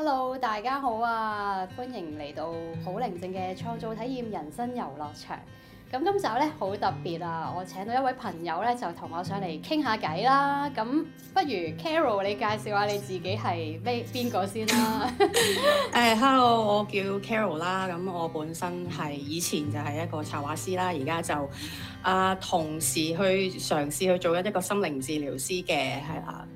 Hello，大家好啊！歡迎嚟到好寧靜好靈靜嘅創造體驗人生遊樂場。咁今集咧好特別啊，我請到一位朋友咧就同我上嚟傾下偈啦。咁不如 Carol，你介紹下你自己係咩邊個先啦？誒、 uh，Hello，我叫 Carol 啦。咁我本身係以前就係一個插畫師啦，而家就啊同時去嘗試去做一個心靈治療師嘅，係啦。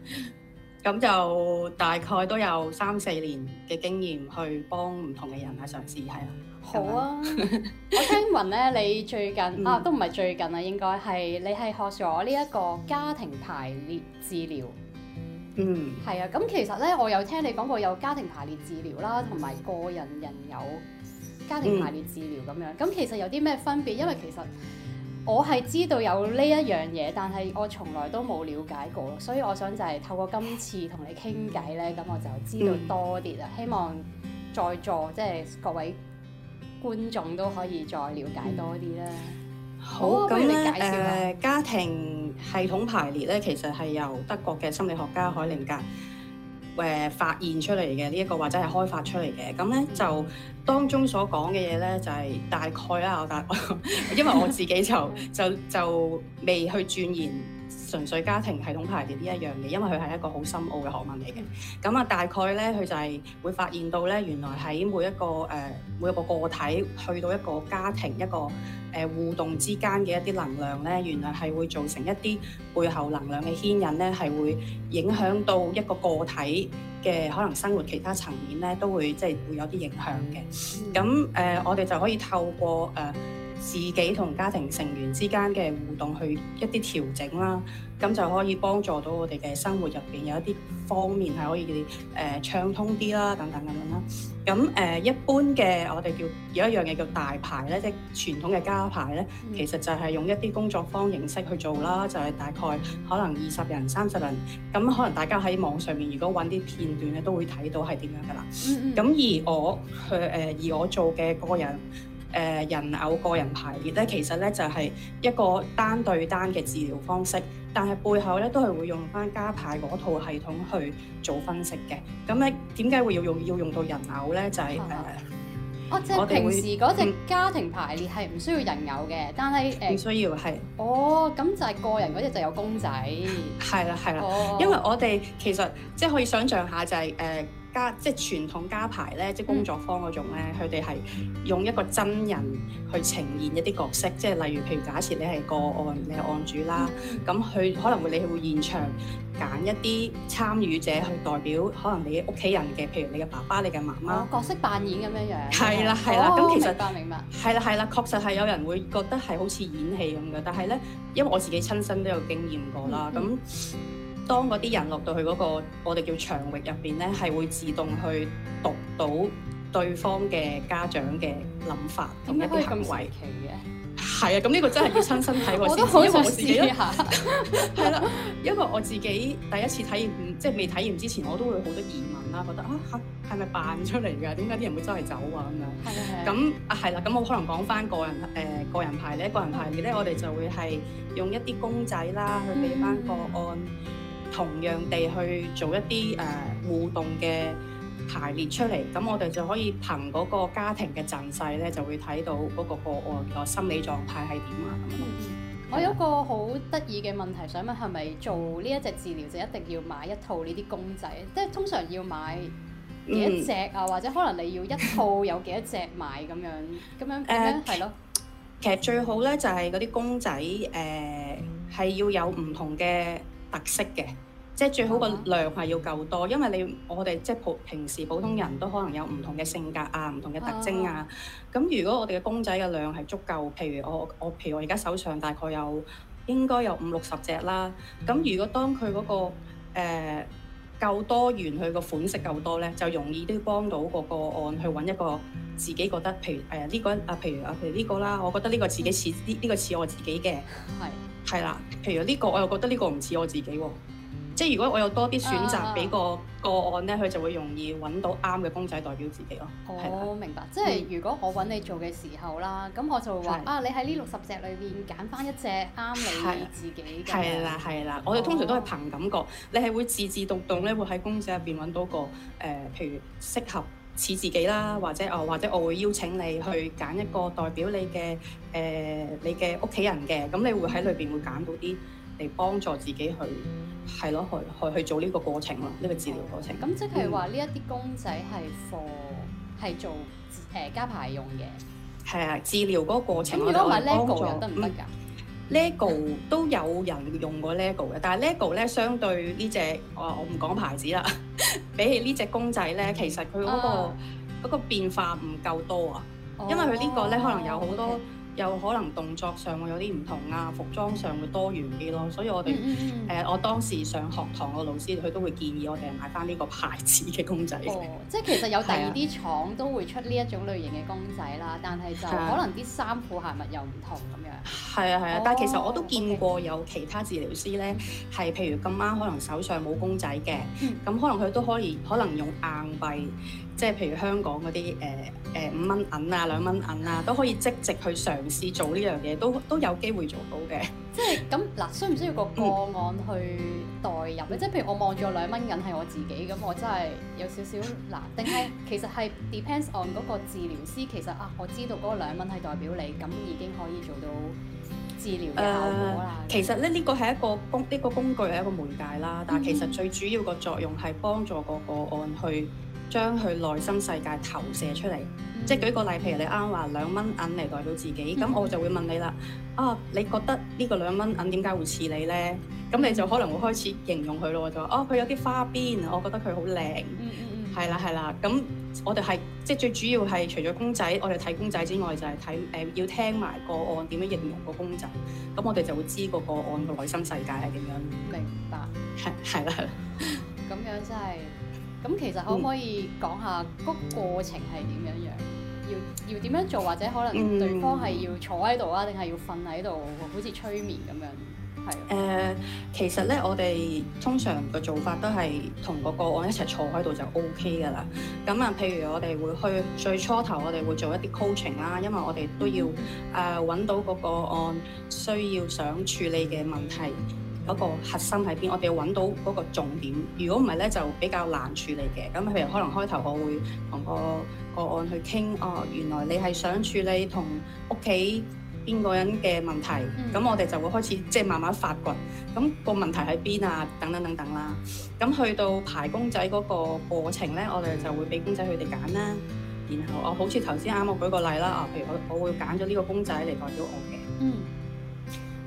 咁就大概都有三四年嘅經驗，去幫唔同嘅人去嘗試，係啊。好啊， 我聽聞咧，你最近啊，都唔係最近啊，應該係你係學咗呢一個家庭排列治療。嗯。係啊，咁其實咧，我有聽你講過有家庭排列治療啦，同埋個人人偶家庭排列治療咁樣。咁、嗯、其實有啲咩分別？因為其實。我係知道有呢一樣嘢，但係我從來都冇了解過，所以我想就係透過今次同你傾偈呢，咁 我就知道多啲啦。希望在座即係、就是、各位觀眾都可以再了解多啲啦。 好，咁你誒，家庭系統排列呢，其實係由德國嘅心理學家海靈格，誒發現出嚟嘅呢一個或者係開發出嚟嘅，咁咧就當中所講嘅嘢咧就係大概啦，我大， 因為我自己就就就未去鑽研，純粹家庭系統排列呢一樣嘢，因為佢係一個好深奧嘅學問嚟嘅。咁啊，大概呢，佢就係會發現到呢，原來喺每一個誒、呃、每一個個體去到一個家庭一個誒、呃、互動之間嘅一啲能量呢，原來係會造成一啲背後能量嘅牽引呢，係會影響到一個個體嘅可能生活其他層面呢，都會即係、就是、會有啲影響嘅。咁誒、呃，我哋就可以透過誒、呃自己同家庭成員之間嘅互動去一啲調整啦，咁就可以幫助到我哋嘅生活入邊有一啲方面係可以誒暢、呃、通啲啦，等等咁樣啦。咁誒、呃、一般嘅我哋叫有一樣嘢叫大排咧，即係傳統嘅家排咧，嗯、其實就係用一啲工作坊形式去做啦，就係、是、大概可能二十人三十人，咁、嗯、可能大家喺網上面如果揾啲片段咧都會睇到係點樣噶啦。咁、嗯嗯、而我佢誒、呃、而我做嘅個人。誒、呃、人偶個人排列咧，其實咧就係、是、一個單對單嘅治療方式，但係背後咧都係會用返家排嗰套系統去做分析嘅。咁咧點解會要用要用到人偶咧？就係誒，我哋平時嗰隻家庭排列係唔需要人偶嘅，嗯、但係誒、呃、需要係。哦，咁就係個人嗰隻就有公仔。係啦係啦，哦、因為我哋其實即係可以想像下就係、是、誒。呃家即係傳統家排咧，即係工作坊嗰種咧，佢哋係用一個真人去呈現一啲角色，即係例如譬如假設你係個案，你係案主啦，咁佢、嗯、可能會你會現場揀一啲參與者去代表，可能你屋企人嘅，譬如你嘅爸爸、你嘅媽媽、哦，角色扮演咁樣樣。係啦係啦，咁、哦、其實、哦、明白。係啦係啦，確實係有人會覺得係好似演戲咁嘅，但係咧，因為我自己親身都有經驗過啦，咁、嗯。嗯當嗰啲人落到去嗰、那個我哋叫場域入邊咧，係會自動去讀到對方嘅家長嘅諗法。點解可以咁離奇嘅？係啊，咁、嗯、呢、這個真係要親身睇過先知。我都好想試一下。係、嗯、啦， 因為我自己第一次體驗，即係未體驗之前，我都會好多疑問啦，覺得啊嚇係咪扮出嚟㗎？點解啲人會周圍走啊咁樣？係啊。係。咁啊係啦，咁我、嗯、可能講翻個人誒個人排咧，個人排咧，我哋就會係用一啲公仔啦去俾翻個案。嗯同樣地去做一啲誒、呃、互動嘅排列出嚟，咁我哋就可以憑嗰個家庭嘅陣勢咧，就會睇到嗰、嗰個、個案、個心理狀態係點啊！嗯、樣我有一個好得意嘅問題，想問係咪做呢一隻治療就一定要買一套呢啲公仔？即、就、係、係、通常要買幾多隻、嗯、啊？或者可能你要一套有幾多隻買咁樣？咁樣咁樣係咯。呃、了其實最好咧就係嗰啲公仔誒係、呃、要有唔同嘅，特色嘅，即係最好個量係要夠多，因為你我哋即係普平時普通人都可能有唔同嘅性格啊，唔同嘅特徵啊。咁如果我哋嘅公仔嘅量係足夠，譬如我我譬如我而家手上大概有應該有五六十隻啦。咁如果當佢嗰個，呃夠多元，佢個款式夠多咧，就容易都幫到個個案去揾一個自己覺得，譬如誒呢個啊，譬如啊譬如呢個啦，我覺得呢個自己似呢呢個似我自己嘅，係係啦，譬如呢個我又覺得呢個唔似我自己喎。即係如果我有多啲選擇俾個個案咧，佢、啊、就會容易揾到啱嘅公仔代表自己咯。我、哦、的明白，即係如果我揾你做嘅時候啦，咁、嗯、我就話的啊，你喺呢六十隻裏邊揀翻一隻啱你自己嘅。係啦係啦，我哋通常都係憑感覺，哦、你係會自自獨獨咧，會喺公仔入邊揾到個誒、呃，譬如適合似自己啦，或者啊、呃，或者我會邀請你去揀一個代表你嘅誒、呃，你嘅屋企人嘅，咁你會喺裏邊會揀到啲。嚟幫助自己去係咯、嗯，去去去做呢個過程咯，呢、這個治療過程。咁、嗯、即係話呢一啲公仔係貨係做誒家排用嘅。係啊，治療嗰個過程如果我都幫助。Lego o 唔得 Lego 都有人用過 Lego 嘅，但係 Lego 咧相對呢隻、這個、我我唔講牌子啦。 比起呢隻公仔咧，其實佢嗰、那個嗰、uh, 個變化唔夠多啊，uh, 因為佢呢個咧可能有好多。Uh, okay. 有可能動作上會有啲唔同啊，服裝上會多元啲咯，所以我哋誒、mm hmm. 呃、我當時上學堂嘅老師，佢都會建議我哋買翻呢個牌子嘅公仔。即係其實有第二啲廠都會出呢一種類型嘅公仔啦，啊、但係就可能啲衫褲鞋襪又唔同咁樣。係啊係啊，哦、但係其實我都見過有其他治療師咧，係、哦 okay. 譬如今晚可能手上冇公仔嘅，咁、嗯、可能佢都可以可能用硬幣。即係譬如香港嗰啲誒誒五蚊銀啊兩蚊銀啊都可以積極去嘗試做呢樣嘢，都都有機會做到嘅。即係咁嗱，需唔需要個個案去代入咧？嗯、即係譬如我望住我兩蚊銀係我自己咁，我真係有少少嗱，定係其實係 depends on 嗰個治療師。其實啊，我知道嗰兩蚊係代表你，咁已經可以做到治療嘅效果啦。其實咧，呢、呢個係一個工，呢、呢個工具係一個媒介啦。但係其實最主要個作用係幫助個個案去，將佢內心世界投射出嚟，嗯、即係舉個例，譬如你啱啱話兩蚊銀嚟代表自己，咁、嗯、我就會問你啦。嗯、啊，你覺得個元元你呢個兩蚊銀點解會似你咧？咁你就可能會開始形容佢咯。我就話哦，佢有啲花邊，我覺得佢好靚。嗯，係啦，係啦。咁我哋係即係最主要係除咗公仔，我哋睇公仔之外就，就係睇誒要聽埋個案點樣形容個公仔。咁我哋就會知嗰個案嘅內心世界係點樣。明白。係係啦。咁樣真係。咁其實可唔可以講下個過程係點樣樣？要要點樣做？或者可能對方係要坐喺度啊，定係要瞓喺度，好似催眠咁樣？係誒、呃，其實咧，我哋通常嘅做法都係同個個案一齊坐喺度就 OK 㗎喇。咁啊，譬如我哋會去最初頭，我哋會做一啲 coaching 啦，因為我哋都要誒揾、呃、到個個案需要想處理嘅問題。嗰個核心喺邊，我哋要揾到嗰個重點。如果唔係咧，就比較難處理嘅。咁譬如可能開頭我會同個個案去傾，哦，原來你係想處理同屋企邊個人嘅問題。咁、嗯、我哋就會開始即係、就是、慢慢發掘。咁、那個問題喺邊啊？等等等等啦。咁去到排公仔嗰個過程咧，我哋就會俾公仔佢哋揀啦。然後我、哦、好似頭先啱我舉個例啦，啊、哦，譬如我我會揀咗呢個公仔嚟代表我嘅。嗯。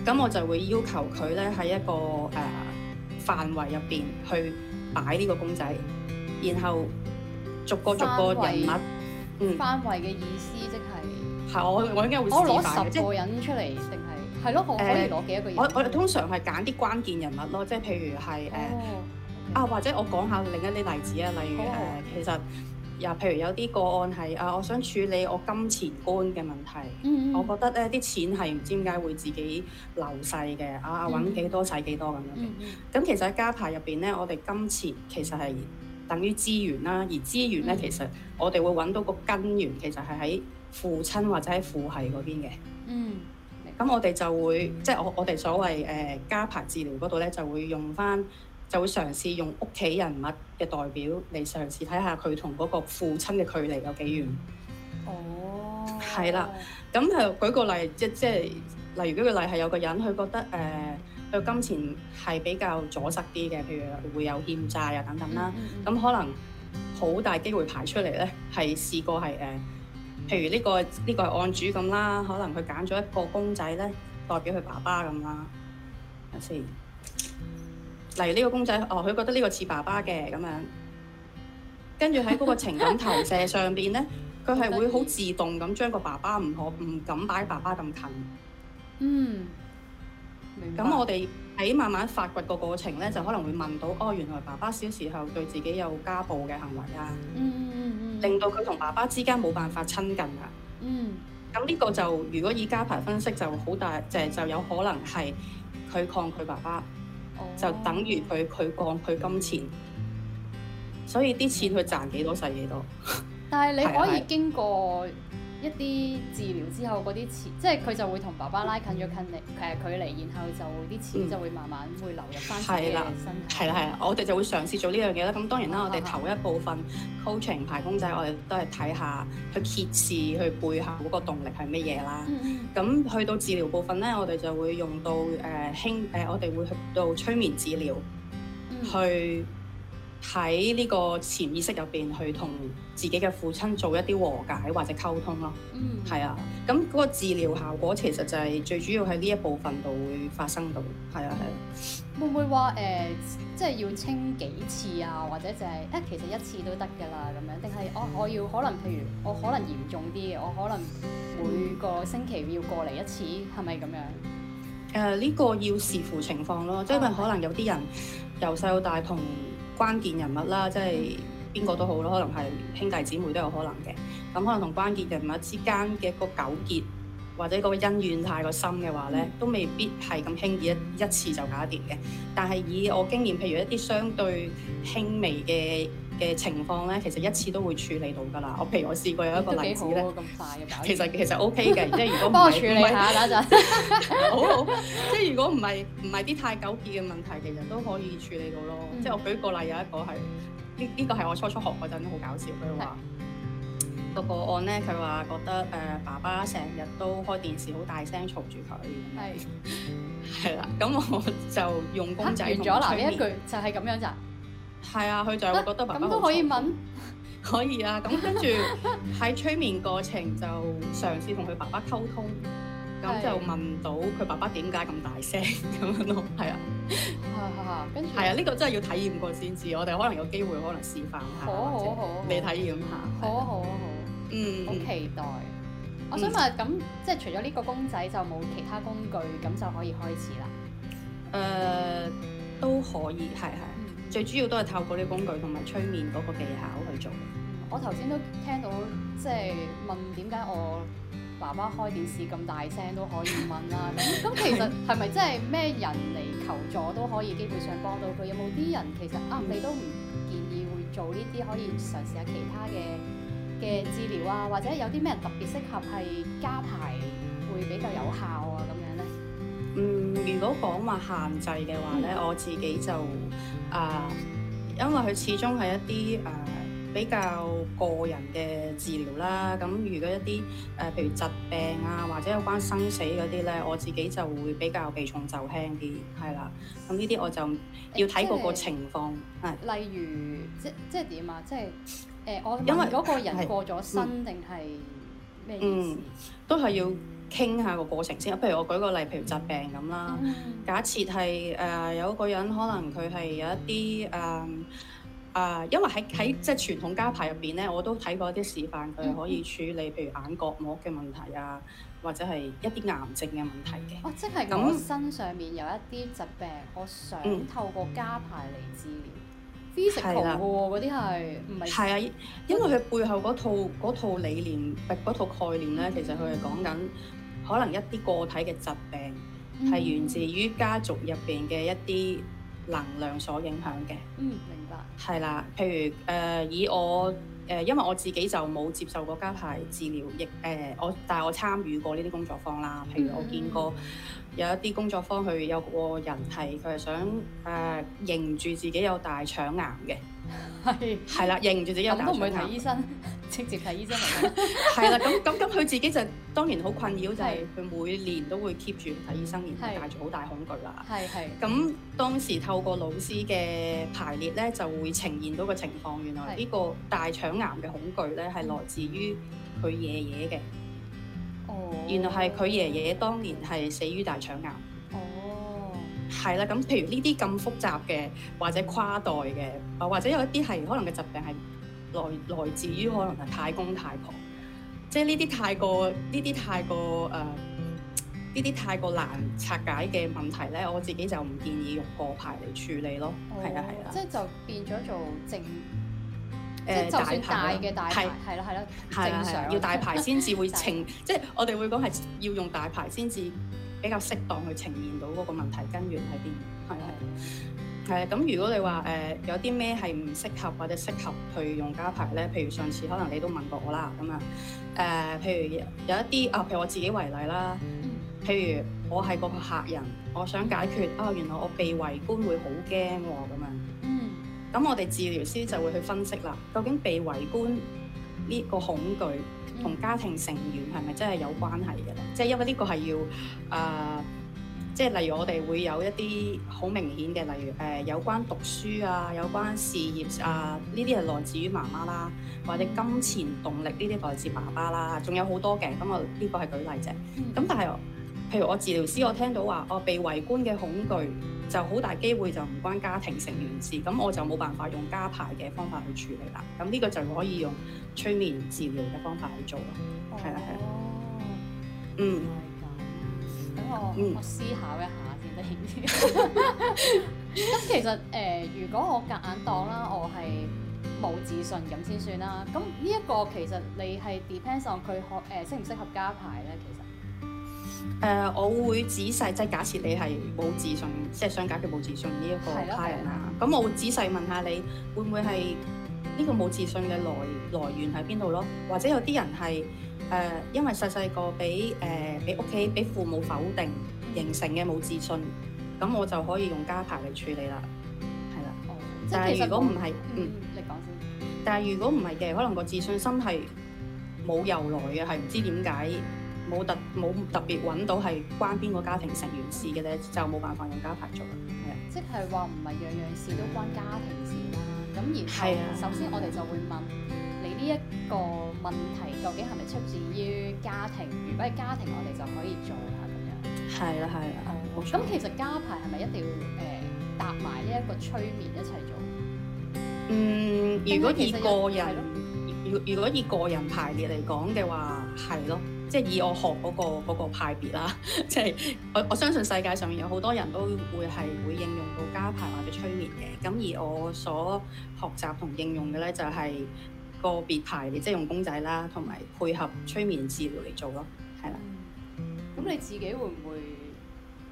咁我就會要求佢咧，喺一個誒範圍入邊去擺呢個公仔，然後逐個逐個人物。範圍嗯，範圍嘅意思即係，係我會我應該會我攞，哦、十個人出嚟定係係咯？我可以攞幾多個人？我我通常係揀啲關鍵人物咯，即係譬如係誒、哦 okay. 啊，或者我講下另一啲例子啊，例如誒其實。譬如有啲個案係啊，我想處理我金錢觀嘅問題，嗯嗯我覺得咧啲錢係唔知點解會自己流逝嘅，啊揾幾、啊、多使幾多咁樣嘅。咁、嗯嗯、其實喺家排入邊咧，我哋金錢其實係等於資源啦，而資源咧其實我哋會揾到個根源，其實係喺父親或者喺父系嗰邊嘅。嗯，咁我哋就會即係、嗯、我我哋所謂誒、呃、家排治療嗰度咧，就會用翻。就會嘗試用屋企人物嘅代表嚟嘗試睇下佢同嗰個父親嘅距離有幾遠。哦、oh.，係啦。咁誒，舉個例，即即係例如嗰個例係有個人，佢覺得誒佢個、呃、金錢係比較阻塞啲嘅，譬如會有欠債啊等等啦。咁、mm hmm. 可能好大機會排出嚟咧，係試過係誒、呃，譬如呢、呢個呢、呢個係案主咁啦，可能佢揀咗一個公仔咧，代表佢爸爸咁啦。一時。等等。例如呢個公仔，哦，佢覺得呢個似爸爸嘅咁樣，跟住喺嗰個情感投射上邊呢，佢係 會好自動咁將個爸爸唔可唔敢擺爸爸咁近。嗯，明白。咁我哋喺慢慢發掘個過程呢，就可能會問到，哦，原來爸爸小時候對自己有家暴嘅行為啊，嗯嗯嗯，令到佢同爸爸之間冇辦法親近啊。嗯，咁呢個就如果以家排分析就好大，就就有可能係佢抗拒爸爸。哦、就等於佢佢降佢金錢，所以啲錢佢賺幾多使幾多，但係你可以經過一啲治療之後，嗰啲錢即係佢就會同爸爸拉近咗近離誒、嗯、距離，然後就啲錢就會慢慢會流入翻自己身體。係啦，係啊，我哋就會嘗試做呢樣嘢啦。咁當然啦，啊、我哋頭一部分 coaching 排公仔，我哋都係睇下去揭示去背後嗰個動力係乜嘢啦。咁、嗯嗯、去到治療部分咧，我哋就會用到誒、呃、輕誒、呃，我哋會去到催眠治療，嗯、去喺呢個潛意識入邊去同自己嘅父親做一啲和解或者溝通咯，嗯，係啊，咁嗰個治療效果其實就係最主要喺呢一部分度會發生到，係啊係啊。啊會唔會話誒、呃，即係要清幾次啊，或者就係、係、誒、啊、其實一次都得㗎啦咁樣？定係我我要可能譬如我可能嚴重啲嘅，我可能每個星期要過嚟一次，係咪咁樣？誒呢、呃呢個要視乎情況咯，因為、啊、可能有啲人由細、嗯、到大同關鍵人物啦，即係、嗯。邊個都好咯，可能係兄弟姊妹都有可能嘅。咁、嗯、可能同關鍵人物之間嘅一個糾結，或者個恩怨太過深嘅話咧，都未必係咁輕易一一次就搞掂嘅。但係以我經驗，譬如一啲相對輕微嘅嘅情況咧，其實一次都會處理到㗎啦。我譬如我試過有一個例子咧，其實其實 OK 嘅，即係如果 幫我處理下，等陣。好好， 即係如果唔係唔係啲太糾結嘅問題其實都可以處理到咯。即係我舉個例，有一個係。 呢呢個係我初初學嗰陣都好搞笑，佢話個個案咧，佢話覺得誒、呃、爸爸成日都開電視好大聲嘈住佢，係係啦。咁 我就用公仔。拍、啊、完咗啦，一句就係咁樣咋？係啊，佢就覺得爸爸咁、啊、都可以問， 可以啊。咁跟住喺催眠過程就嘗試同佢爸爸溝通。咁就問到佢爸爸點解咁大聲咁 樣咯。係啊，係跟住係啊，呢、啊呢個真係要體驗過先知，我哋可能有機會可能示範下，好好，嚟體驗下，好好好，嗯，好期待。嗯、我想問咁、嗯，即係除咗呢個公仔，就冇其他工具，咁就可以開始啦？誒、呃，都可以，係係、啊，嗯、最主要都係透過呢個工具同埋催眠嗰個技巧去做。我頭先都聽到即係、就是、問點解我。爸爸開電視咁大聲都可以問啦、啊，咁 其實係咪真係咩人嚟求助都可以基本上幫到佢？有冇啲人其實啊，你都唔建議會做呢啲，可以嘗試下其他嘅嘅治療啊，或者有啲咩特別適合係家排會比較有效啊咁樣呢？嗯，如果講話限制嘅話呢，嗯、我自己就啊、呃，因為佢始終係一啲啊。呃比較個人嘅治療啦，咁如果一啲誒、呃、譬如疾病啊，或者有關生死嗰啲咧，我自己就會比較避重就輕啲，係啦。咁呢啲我就要睇個個情況啊、欸。例如即即係點啊？即係誒、呃，我因為嗰個人過咗身定係咩？嗯，嗯都係要傾下個過程先。譬如我舉個例，譬如疾病咁啦，嗯、假設係誒、呃、有一個人可能佢係有一啲誒。呃啊，uh, 因為喺喺即係傳統家排入邊咧，我都睇過一啲示範，佢係可以處理，嗯、譬如眼角膜嘅問題啊，或者係一啲癌症嘅問題嘅。哦，即係咁。我身上面有一啲疾病，嗯、我想透過家排嚟治療。Physical 嘅喎、嗯，嗰啲係唔係？係啊的，因為佢背後嗰套嗰套理念，嗰套概念咧，嗯、其實佢係講緊可能一啲個體嘅疾病係源自於家族入邊嘅一啲能量所影響嘅。嗯。係啦，譬如誒、呃，以我誒、呃，因為我自己就冇接受過家排治療，亦誒、呃、我，但係我參與過呢啲工作坊啦。譬如我見過有一啲工作坊，佢有個人係佢係想誒、呃、認住自己有大腸癌嘅，係啦的，認住自己有大腸癌。都唔會睇醫生。 直接睇醫生係啦，咁咁咁佢自己就當然好困擾， 就係佢每年都會 keep 住睇醫生，然之後帶住好大恐懼啦。係係。 咁當時透過老師嘅排列咧，就會呈現到個情況，原來呢個大腸癌嘅恐懼咧係來自於佢爺爺嘅。哦。Oh. 原來係佢爺爺當年係死於大腸癌。哦。Oh. 係啦，咁譬如呢啲咁複雜嘅，或者跨代嘅，或或者有一啲係可能嘅疾病係。來來自於可能係太公太婆，即係呢啲太過呢啲太過誒，呢啲太過難拆解嘅問題咧，我自己就唔建議用個排嚟處理咯。係啊係啊，即係就變咗做正誒大排咯，係係啦係啦，正常要大排先至會呈，即係我哋會講係要用大排先至比較適當去呈現到嗰個問題根源喺邊。係係。係咁，如果你話誒、呃、有啲咩係唔適合或者適合去用家排咧？譬如上次可能你都問過我啦，咁啊誒，譬如有一啲啊，譬如我自己為例啦，譬如我係個客人，我想解決啊、哦，原來我被圍觀會好驚喎，咁啊，咁、嗯、我哋治療師就會去分析啦，究竟被圍觀呢個恐懼同家庭成員係咪真係有關係嘅咧？即係、嗯、因為呢個係要誒。呃即係例如我哋會有一啲好明顯嘅，例如誒、呃、有關讀書啊、有關事業啊，呢啲係來自於媽媽啦，或者金錢動力呢啲來自爸爸啦，仲有好多嘅，咁我呢、這個係舉例啫。咁、嗯、但係，譬如我治療師，我聽到話哦被圍觀嘅恐懼，就好大機會就唔關家庭成員事，咁我就冇辦法用家排嘅方法去處理啦。咁呢個就可以用催眠治療嘅方法去做啦。係啊係啊。嗯。等我、嗯、我思考一下先得，咁 其實誒、呃，如果我夾硬當啦，我係冇自信咁先算啦。咁呢一個其實你係 depends on 佢誒適唔適合家排咧，其實誒、呃，我會仔細即係、就是、假設你係冇自信，即、就、係、是、想解決冇自信呢一個 client 啊，咁、啊、我會仔細問下你會唔會係呢個冇自信嘅來來源喺邊度咯？或者有啲人係。誒、呃，因為細細個俾誒俾屋企俾父母否定形成嘅冇自信，咁我就可以用家排嚟處理啦。係啦，即係如果唔係，嗯，你講、嗯、先。但係如果唔係嘅，可能個自信心係冇由來嘅，係唔知點解冇特冇特別揾到係關邊個家庭成員事嘅咧，嗯、就冇辦法用家排做啦。即係話唔係樣樣事都關家庭事啦。咁然後首先我哋就會問的。嗯呢一個問題究竟係咪出自於家庭？如果係家庭，我哋就可以做啦。咁樣係啦，係啦。咁、嗯嗯、錯其實家排係咪一定要誒、呃、搭埋呢一個催眠一齊做？嗯，如果以個人，如如果以個人排列嚟講嘅話，係咯。即、就、係、是、以我學嗰、嗰個派別、那個、啦，即 係我我相信世界上面有好多人都會係會應用到家排或者催眠嘅。咁而我所學習同應用嘅咧，就係、是。個別排，你即係用公仔啦，同埋配合催眠治療嚟做咯，係啦。咁、嗯、你自己會唔會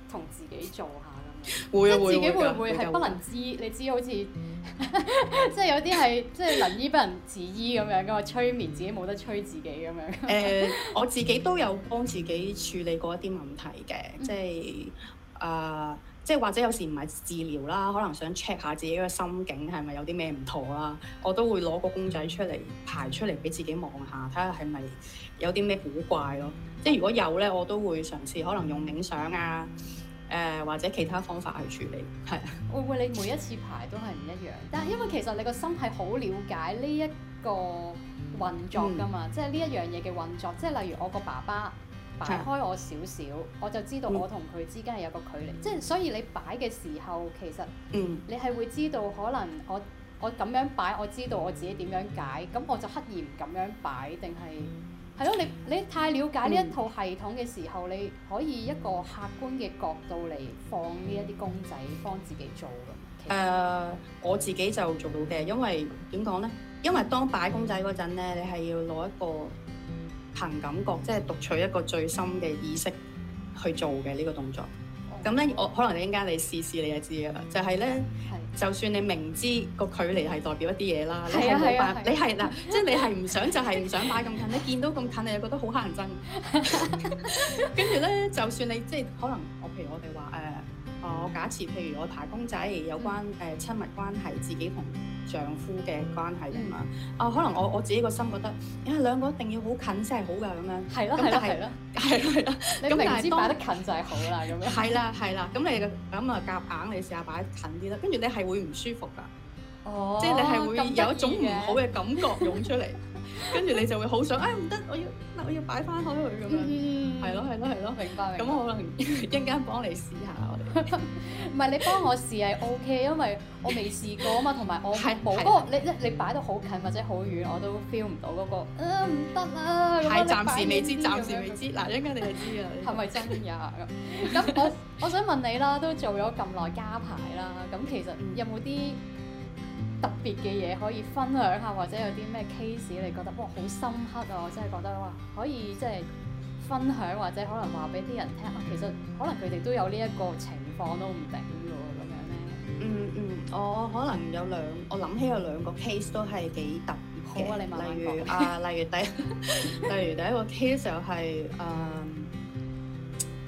同自己做下咁 會啊會啊自己會唔會係不能知？你知好似即係有啲係即係能醫不能自醫咁樣嘅嘛？催眠自己冇得催自己咁樣。誒、 呃，我自己都有幫自己處理過一啲問題嘅，嗯、即係啊。呃即係或者有時唔係治療啦，可能想 check 下自己嘅心境係咪有啲咩唔妥啦，我都會攞個公仔出嚟排出嚟俾自己望下，睇下係咪有啲咩古怪咯。即係如果有咧，我都會嘗試可能用影相啊，誒、呃、或者其他方法去處理。係，會唔會你每一次排都係唔一樣？ 但係因為其實你個心係好了解呢一個運作㗎嘛，即係呢一樣嘢嘅運作。即係例如我個爸爸。擺開我少少，我就知道我同佢之間係有個距離，嗯、即係所以你擺嘅時候其實你係會知道可能我我咁樣擺，我知道我自己點樣解，解，咁我就刻意唔咁樣擺定係係咯。你你太了解呢一套系統嘅時候，嗯、你可以一個客觀嘅角度嚟放呢一啲公仔，幫自己做嘅。誒、呃，我自己就做到嘅，因為點講呢？因為當擺公仔嗰陣呢，你係要攞一個。憑感覺，即係讀取一個最深嘅意識去做嘅呢個動作。咁咧，我可能你依家你試試你就知㗎啦。就係咧，就算你明知個距離係代表一啲嘢啦，你係冇辦法，你係嗱，即係你係唔想就係唔想擺咁近，你見到咁近你就覺得好乞人憎。跟住咧，就算你即係可能，我譬如我哋話誒。哦，假設譬如我排公仔有關誒、嗯呃、親密關係，自己同丈夫嘅關係啊嘛。啊、嗯呃，可能我我自己個心覺得，因為兩個一定要近好近先係好㗎咁樣。係咯係咯係咯。係咯。你明知擺得近就係好啦咁樣，樣。係啦係啦。咁你咁啊夾硬你試下擺得近啲啦，跟住你係會唔舒服噶。哦。即係你係會有一種唔好嘅感覺湧出嚟。哦 跟住 你就會好想，誒唔得，我要，我要擺翻開佢咁樣，係咯係咯係咯，明白未？咁白可能一陣間幫你試下我哋， 唔係你幫我試係 O K，因為我未試過啊嘛，同埋我冇嗰個，你你擺到好近或者好遠我都 feel 唔到嗰、嗰個，啊唔得啊。咁我你擺翻先咁樣，係暫時未知，暫時未知，嗱一陣間你就知啦。係咪 真㗎？咁 我我,我想問你啦，都做咗咁耐家排啦，咁其實有冇啲？特別嘅嘢可以分享下，或者有啲咩 case 你覺得哇好深刻啊！我真係覺得哇，可以即係分享或者可能話俾啲人聽啊。其實可能佢哋都有呢一個情況都唔定嘅喎，咁樣咧。嗯嗯，我可能有兩，我諗起有兩個 case 都係幾特別嘅。好啊，你慢慢講。例如啊，例如第一， 例如第一個 case 就係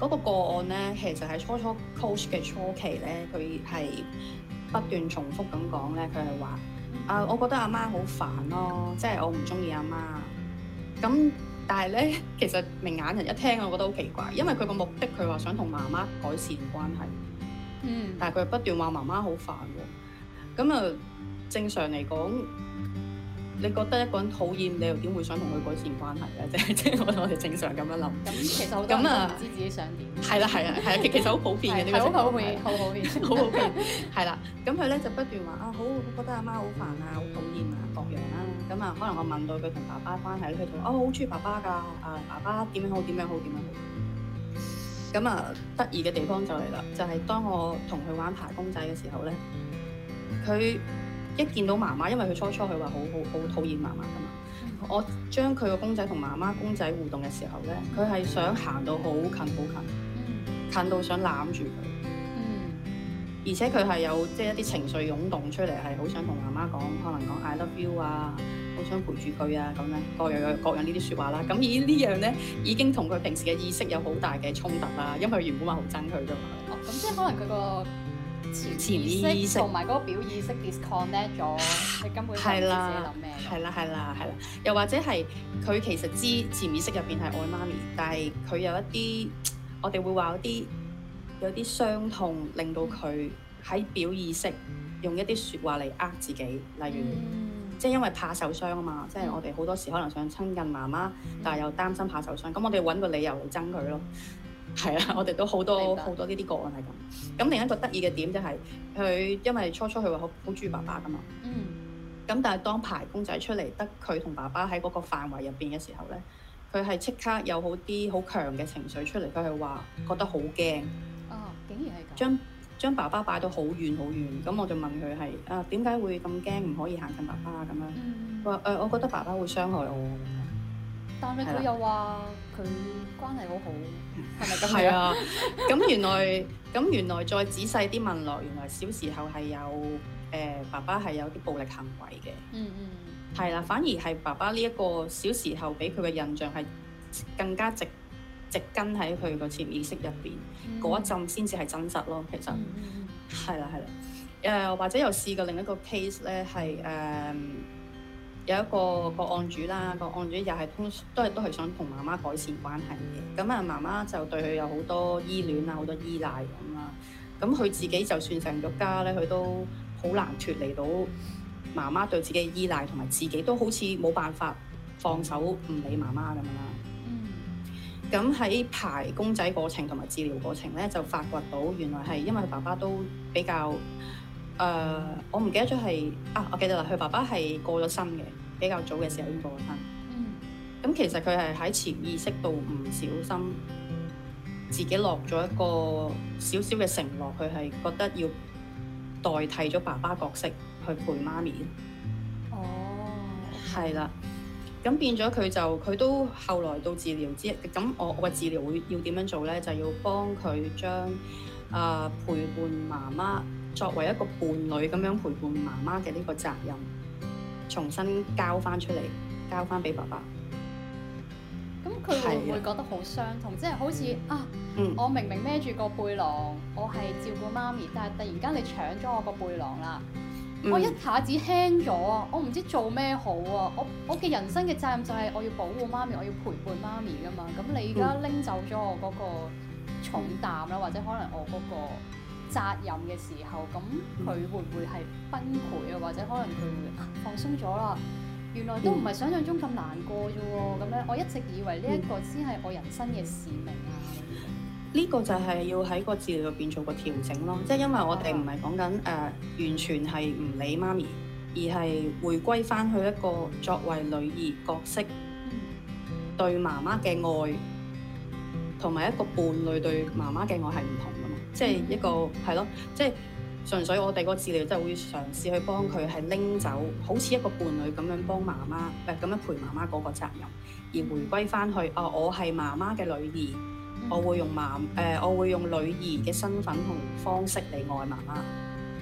誒嗰個個案咧、就是嗯那個，其實喺初初 coach 嘅初期咧，佢係。不斷重複咁講咧，佢係話，啊，我覺得阿媽好煩咯，即係我唔中意阿媽。咁但係咧，其實明眼人一聽，我覺得好奇怪，因為佢個目的，佢話想同媽媽改善關係。嗯。但係佢又不斷話媽媽好煩喎，咁啊正常嚟講。你覺得一個人討厭，你又點會想同佢改善關係嘅？即係即係我哋正常咁樣諗。咁其實好多都唔知自己想點。係啦，係啦，係啦，其實好普遍嘅呢啲情況。係好普遍，好普遍，好普遍。係啦，咁佢咧就不斷話啊，好，我覺得阿媽好煩啊，好討厭啊，各樣啊。咁啊，可能我問到佢同爸爸關係，佢同哦，好中意爸爸㗎，啊爸爸點樣好，點樣好，點樣好。咁啊，得意嘅地方就嚟啦，就係當我同佢玩排公仔嘅時候咧，佢。一見到媽媽，因為佢初初佢話好好好討厭媽媽噶嘛，嗯、我將佢個公仔同媽媽公仔互動嘅時候咧，佢係想行到好近好近，近，嗯、近到想攬住佢，嗯、而且佢係有即係一啲情緒湧動出嚟，係好想同媽媽講，可能講 I love you 啊，好想陪住佢啊，咁樣各樣各樣說話呢啲説話啦。咁以呢樣咧，已經同佢平時嘅意識有好大嘅衝突啦，因為原本話好憎佢噶嘛。哦，咁即係可能佢個。潛意識同埋嗰個表意識 disconnect 咗，你根本都唔知諗咩。係啦，係啦，係啦，又或者係佢其實知潛意識入邊係愛媽咪，但係佢有一啲，我哋會話嗰啲有啲傷痛，令到佢喺表意識用一啲説話嚟呃自己，例如即係因為怕受傷啊嘛，即係我哋好多時可能想親近媽媽，但係又擔心怕受傷，咁我哋揾個理由嚟憎佢咯。係啊，我哋都好多好白多呢啲個案係咁。咁另一個得意嘅點就係、是、佢因為初初佢話好好中意爸爸㗎嘛。嗯。咁但係當排公仔出嚟，得佢同爸爸喺嗰個範圍入邊嘅時候咧，佢係即刻有好啲好強嘅情緒出嚟。佢係話覺得好驚。哦、嗯，竟然係咁。將將爸爸擺到好遠好遠，咁我就問佢係啊，點解會咁驚唔可以行近爸爸咁樣？佢話誒，我覺得爸爸會傷害我。嗯、的但係佢又話。佢關係好好，係咪咁啊？係啊，咁原來咁原來再仔細啲問落，原來小時候係有誒爸爸係有啲暴力行為嘅。嗯嗯。係啦，反而係爸爸呢一個小時候俾佢嘅印象係更加植植根喺佢個潛意識入邊，嗰、嗯、一陣先至係真實咯。其實係啦係啦，誒、嗯嗯、或者又試過另一個 case 咧，係誒。有一個個案主啦，個案主又係通都係都係想同媽媽改善關係嘅，咁啊媽媽就對佢有好多依戀啊，好多依賴咁啦。咁佢自己就算成咗家咧，佢都好難脫離到媽媽對自己嘅依賴，同埋自己都好似冇辦法放手唔理媽媽咁啦。嗯。咁喺排公仔過程同埋治療過程咧，就發掘到原來係因為佢爸爸都比較。誒，uh, 我唔記得咗係啊！我記得啦，佢爸爸係過咗身嘅，比較早嘅時候已經過咗身。嗯，咁其實佢係喺潛意識度唔小心自己落咗一個小小嘅承諾，佢係覺得要代替咗爸爸角色去陪媽咪。哦，係啦，咁變咗佢就佢都後來到治療之，咁我我治療會要點樣做咧？就係、要幫佢將啊陪伴媽媽。作為一個伴侶咁樣陪伴媽媽嘅呢個責任，重新交翻出嚟，交翻俾爸爸。咁佢會唔會覺得好傷痛？即係好似啊，啊嗯、我明明孭住個背囊，我係照顧媽咪，但係突然間你搶咗我個背囊啦，嗯、我一下子輕咗啊！我唔知做咩好啊！我我嘅人生嘅責任就係我要保護媽咪，我要陪伴媽咪噶嘛。咁你而家拎走咗我嗰個重擔啦，嗯、或者可能我嗰個，責任嘅時候，咁佢會唔會係崩潰啊？或者可能佢會放鬆咗啦？原來都唔係想像中咁難過啫喎！咁樣、嗯、我一直以為呢一個先係我人生嘅使命啊！呢個就係要喺個治療入邊做個調整咯，即係因為我哋唔係講緊誒完全係唔理媽咪，而係回歸翻去一個作為女兒角色對媽媽嘅愛，同埋一個伴侶對媽媽嘅愛係唔同嘅。即係一個係咯，即係純粹我哋個治療，就會嘗試去幫佢係拎走，好似一個伴侶咁樣幫媽媽，誒咁樣陪媽媽嗰個責任，而回歸翻去啊，我係媽媽嘅女兒，我會用媽誒，我會用女兒嘅身份同方式嚟愛媽媽，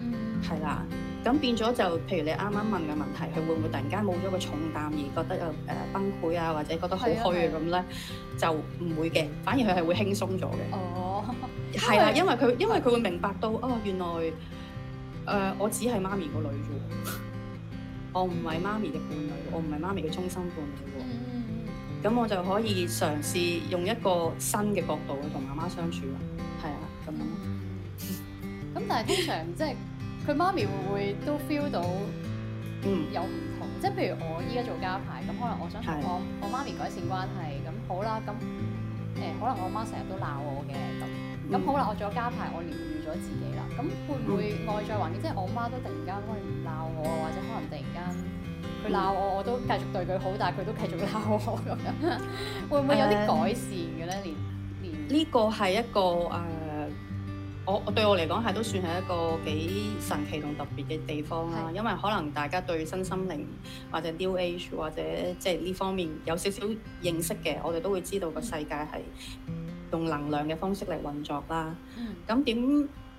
嗯，係啦，咁變咗就譬如你啱啱問嘅問題，佢會唔會突然間冇咗個重擔而覺得誒誒崩潰啊，或者覺得好虛啊咁咧？就唔會嘅，反而佢係會輕鬆咗嘅。哦。係啊，因為佢因為佢會明白到哦，原來誒、呃、我只係媽咪個女啫喎， 我唔係媽咪嘅伴侶，我唔係媽咪嘅終生伴侶喎。咁 我就可以嘗試用一個新嘅角度去同、 嗯 嗯、媽媽相處啦。係啊，咁樣。咁但係通常即係佢媽咪會唔會都 feel 到有唔同？即係譬如我依家做家排咁，可能我想同我我媽咪改善關係，咁的好啦，咁誒、呃、可能我媽成日都鬧我嘅咁。咁、嗯、好啦，我再家排，我療愈咗自己啦。咁會唔會外在環境，即係我媽都突然間可能鬧我，或者可能突然間佢鬧我，我都繼續對佢好，但係佢都繼續鬧我咁樣， 會唔會有啲改善嘅咧、嗯？連連呢個係一個誒、呃，我我對我嚟講係都算係一個幾神奇同特別嘅地方啦。的因為可能大家對新心靈或者 New Age 或者即係呢方面有少少認識嘅，我哋都會知道個世界係，嗯用能量嘅方式嚟運作啦，咁點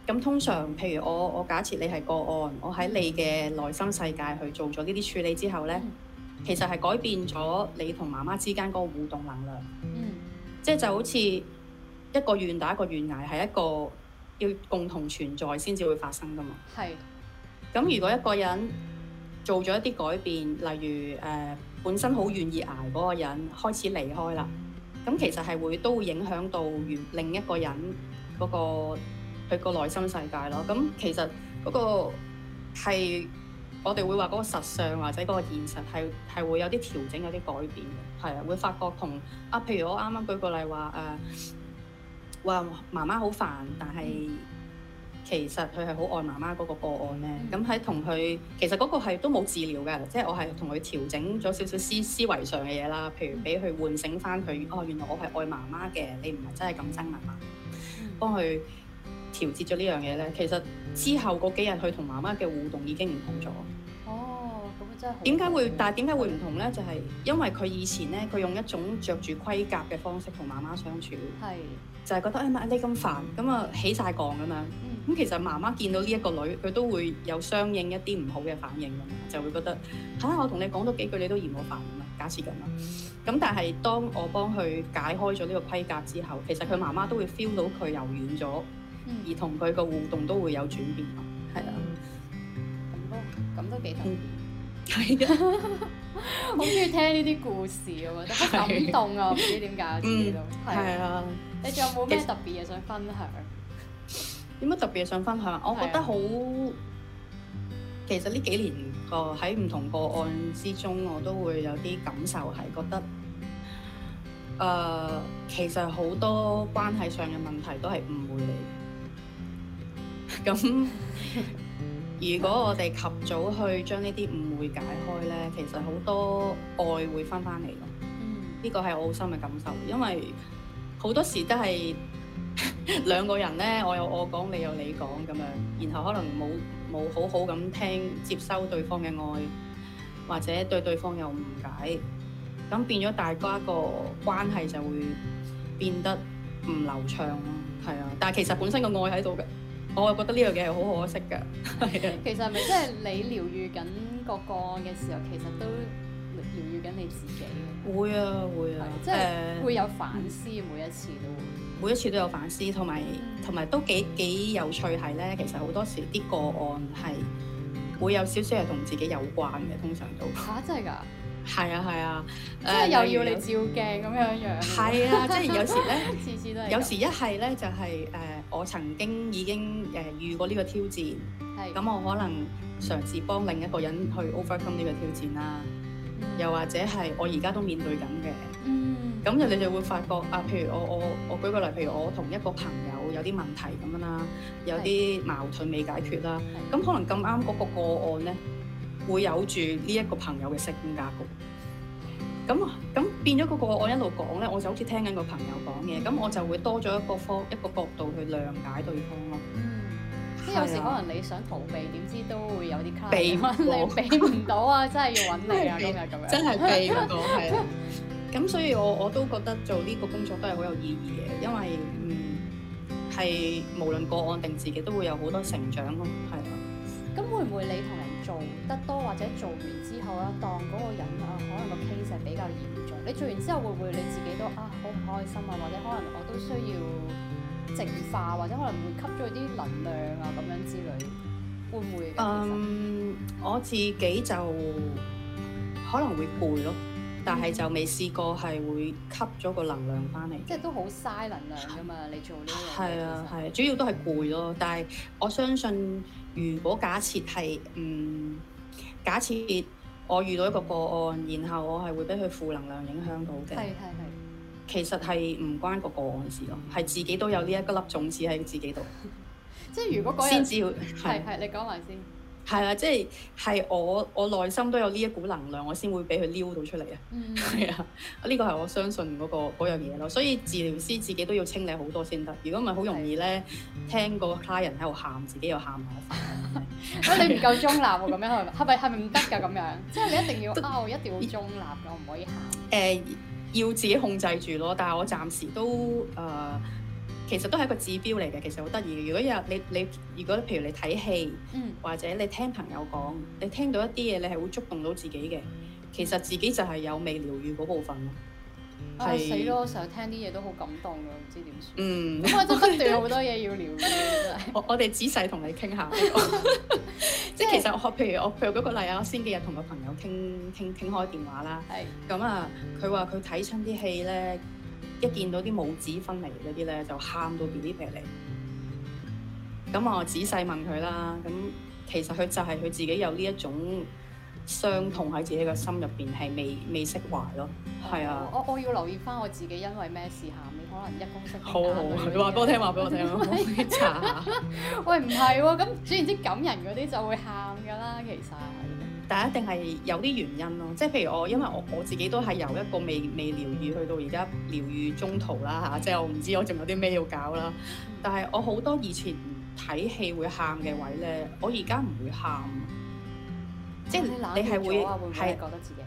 咁通常，譬如我我假設你係個案，我喺你嘅內心世界去做咗呢啲處理之後咧，嗯、其實係改變咗你同媽媽之間嗰個互動能量，即係、嗯、就好似一個願打一個願挨，係一個要共同存在先至會發生噶嘛。係咁是如果一個人做咗一啲改變，例如誒、呃、本身好願意挨嗰個人開始離開啦。咁其實係會都會影響到另一個人嗰、那、佢個內心世界咯。咁、嗯、其實嗰個係我哋會話嗰個實相或者嗰個現實係係會有啲調整、有啲改變嘅，係啊，會發覺同啊，譬如我啱啱舉個例話誒，話、呃、媽媽好煩，但係，其實佢係好愛媽媽嗰個個案咧，咁喺同佢其實嗰個係都冇治療嘅，即係我係同佢調整咗少少思思維上嘅嘢啦。譬如俾佢喚醒翻佢哦，原來我係愛媽媽嘅，你唔係真係咁憎媽媽。嗯、幫佢調節咗呢樣嘢咧，其實之後嗰幾日佢同媽媽嘅互動已經唔同咗。哦，咁真係點解會？對 但係點解會唔同咧？就係因為佢以前咧，佢用一種着住盔甲嘅方式同媽媽相處，係是的 就係覺得誒，你咁煩咁啊，起晒槓咁樣。咁其實媽媽見到呢一個女，佢都會有相應一啲唔好嘅反應，咁就會覺得嚇、啊、我同你講多幾句你都嫌我煩啦，假設咁啦。咁、mm. 但係當我幫佢解開咗呢個盔甲之後，其實佢媽媽都會 feel 到佢柔軟咗，mm. 而同佢個互動都會有轉變。係啊，咁、mm. 都咁都幾特別，係、mm. 啊，好中意聽呢啲故事啊，好感動啊，唔知點解知道。係啊，你仲有冇咩特別嘢想分享？有乜特別想分享？我覺得好，的其實呢幾年個喺唔同個案之中，我都會有啲感受，係覺得，誒、呃，其實好多關係上嘅問題都係誤會嚟。咁 如果我哋及早去將呢啲誤會解開呢，其實好多愛會翻返嚟咯。呢個係我好深嘅感受，因為好多時都係。兩 個人咧，我有我講，你有你講咁樣，然後可能冇冇好好咁聽接收對方嘅愛，或者對對方有誤解，咁變咗大家個關係就會變得唔流暢咯。係啊，但係其實本身個愛喺度嘅，我又覺得呢樣嘢係好可惜嘅。係啊。其實係咪即係你療癒緊個個案嘅時候，其實都療癒緊你自己？會啊，會啊，的嗯、即係會有反思，嗯、每一次都會。每一次都有反思，同埋同埋都幾幾有趣係咧。其實好多時啲個案係會有少少係同自己有關嘅，通常都嚇真係㗎？係啊，係啊，即係、啊啊啊、又要你照鏡咁樣樣。係啊， 即係有時咧，次次都係有時一係咧就係、是、誒、呃、我曾經已經誒、呃、遇過呢個挑戰，係咁的我可能嘗試幫另一個人去 overcome 呢個挑戰啦。嗯、又或者係我而家都在面對緊嘅。咁就你就會發覺啊，譬如我我我舉個例，譬如我同一個朋友有啲問題咁樣啦，有啲矛盾未解決啦，咁可能咁啱嗰個個案咧會有住呢一個朋友嘅性格。咁啊，咁變咗個個案一路講咧，我就好似聽緊個朋友講嘢，咁我就會多咗一個方一個角度去諒解對方咯。嗯，咁有時可能你想逃避，點知都會有啲卡。避啊，避唔到啊，真係要搵你啊，今日咁樣。真係避唔到，係啊。咁、嗯、所以我，我我都覺得做呢個工作都係好有意義嘅，因為嗯係無論個案定自己都會有好多成長咯，係啊。咁會唔會你同人做得多或者做完之後咧，當嗰個人啊可能個 case 係比較嚴重，你做完之後會唔會你自己都啊好唔開心啊？或者可能我都需要淨化，或者可能會吸咗啲能量啊咁樣之類，會唔會？嗯，um, 我自己就可能會攰咯。但係就未試過係會吸咗個能量翻嚟，即係都好嘥能量㗎嘛！ 你做呢樣係啊係其實、啊啊，主要都係攰咯。但係我相信，如果假設係嗯，假設我遇到一個個案，然後我係會俾佢負能量影響到嘅。係係係。其實係唔關個個案事咯，係自己都有呢一粒種子喺自己度。 即係如果嗰人先至係係，你講埋先。係啦、啊，即係係我我內心都有呢一股能量，我先會俾佢撩到出嚟啊！係啊，呢個係我相信嗰、嗰個樣嘢咯。所以治療師自己都要清理好多先得。如果唔係好容易咧，的聽個 client 喺度喊，自己又喊埋一份。咁你唔夠中立喎、啊？咁樣係咪？係咪係咪唔得㗎？咁樣即係你一定要啊！我一定要中立，我唔可以喊。誒、呃，要自己控制住咯。但係我暫時都誒。呃嗯其實都係一個指標嚟嘅，其實好得意嘅。如果有你你，如果譬如你睇戲，或者你聽朋友講，你聽到一啲嘢，你係會觸動到自己嘅。其實自己就係有未療愈嗰部分咯。係死咯！成日是聽啲嘢都好感動嘅，唔知點算。嗯，因為真係不斷好多嘢要療愈。 我哋仔細同你傾下。即係 其實我譬如我譬如嗰個例啊，我先幾日同個朋友傾傾傾開電話啦。係的。咁啊，佢話佢睇親啲戲咧。一見到啲母子分離嗰啲咧，就喊到鼻涕鼻。咁我仔細問佢啦，咁其實佢就係佢自己有呢一種傷痛喺自己嘅心入邊，係未未釋懷咯。係、哦、啊，我我要留意翻我自己，因為咩事喊？你可能一公升。好好，你話俾我聽，話俾我聽是 啊！查喂，唔係喎，咁總言之，感人嗰啲就會喊㗎啦，其實。但一定係有啲原因咯，即係譬如我，因為我我自己都係由一個未未療愈去到而家療愈中途啦吓，即係我唔知我仲有啲咩要搞啦。但係我好多以前睇戲會喊嘅位咧，我而家唔會喊，即係你係會係覺得自己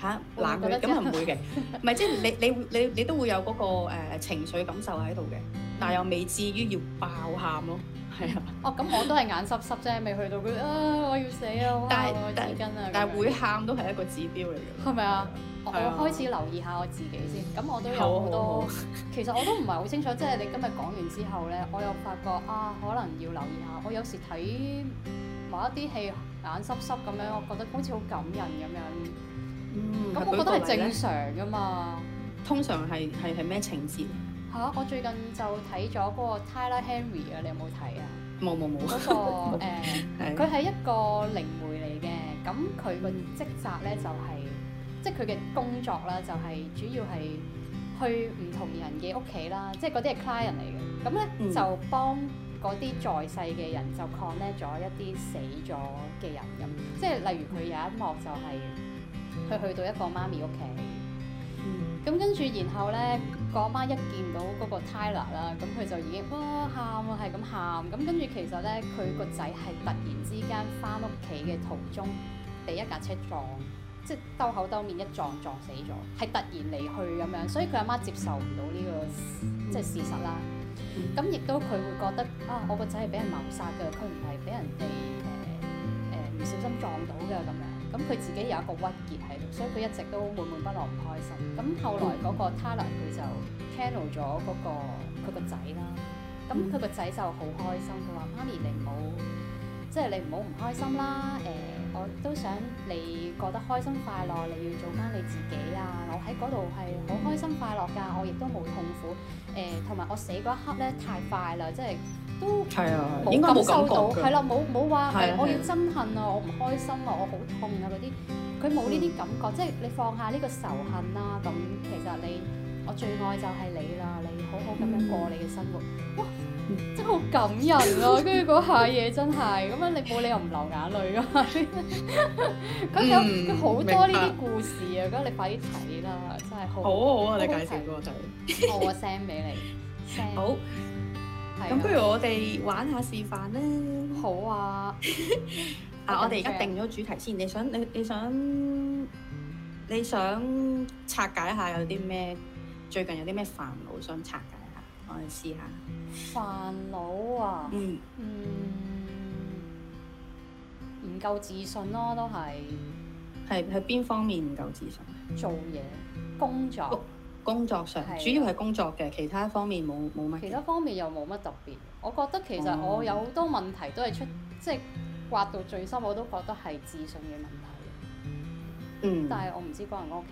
吓、啊，冷嘅，咁係唔會嘅，唔係 即係你你你你都會有嗰個誒情緒感受喺度嘅。但又未至於要爆喊咯，係啊。哦，咁我都係眼濕濕啫，未去到佢啊，我要死啊！我哇，但紙巾啊但樣！但係會喊都係一個指標嚟嘅。係咪啊？啊我開始留意下我自己先。咁我都有好多，好好好其實我都唔係好清楚，即係你今日講完之後咧，我又發覺啊，可能要留意下。我有時睇某一啲戲，眼濕濕咁樣，我覺得好似好感人咁樣。嗯。咁那我，我覺得係正常㗎嘛。通常係係係咩情節？嚇、啊！我最近就睇咗嗰個 Tyler Henry 有有啊，你有冇睇啊？冇冇冇。嗰個誒，佢係一個靈媒嚟嘅，咁佢個職責咧就係、是，即係佢嘅工作啦，就係主要係去唔同人嘅屋企啦，即係嗰啲 client 嚟嘅。咁咧、嗯、就幫嗰啲在世嘅人就 connect 咗一啲死咗嘅人咁，即係例如佢有一幕就係，佢去到一個媽咪屋企，咁跟住然後咧。我阿媽一見到個 Tyler 啦，咁佢就已經哇喊啊，係咁喊。咁跟住其實咧，佢個仔係突然之間翻屋企嘅途中，被一架車撞，即係兜口兜面一撞撞死咗，係突然離去咁樣，所以佢阿媽接受唔到呢個即係事實啦。咁亦都佢會覺得啊，我個仔係俾人謀殺㗎，佢唔係俾人哋誒誒唔小心撞到㗎咁樣。咁佢、嗯、自己有一個鬱結喺度，所以佢一直都悶悶不樂唔開心。咁、嗯、後來嗰個 Tala 佢就 channel 咗嗰、那個佢個仔啦。咁佢個仔就好開心，佢話：媽咪你唔好，即係你唔好唔開心啦。誒、呃，我都想你過得開心快樂，你要做翻你自己啊！我喺嗰度係好開心快樂㗎，我亦都冇痛苦。誒、呃，同埋我死嗰一刻咧太快啦，即係。都係啊，應該冇感覺㗎，係啦，冇冇話我要憎恨啊，我唔開心啊，我好痛啊嗰啲，佢冇呢啲感覺，即係你放下呢個仇恨啦，咁其實你我最愛就係你啦，你好好咁樣過你嘅生活。哇，真係好感人啊！跟住嗰下嘢真係，咁樣你冇理由唔流眼淚㗎。佢有佢好多呢啲故事啊，咁你快啲睇啦，真係好好啊，你介紹我睇，我 send 俾你，好。咁不如我哋玩下示範啦。好啊。啊，我哋而家定咗主題先。你想你你想你想拆解一下有啲咩？最近有啲咩煩惱想拆解一下？我哋試下。煩惱啊？嗯、嗯。嗯，唔夠自信咯，都係。係係邊方面唔夠自信？做嘢，工作。工作上的主要係工作嘅，其他方面冇冇乜。其他方面又冇乜特別。我覺得其實我有好多問題都係出，哦、即係刮到最深，我都覺得係自信嘅問題。嗯。但係我唔知關唔、 uh, 關屋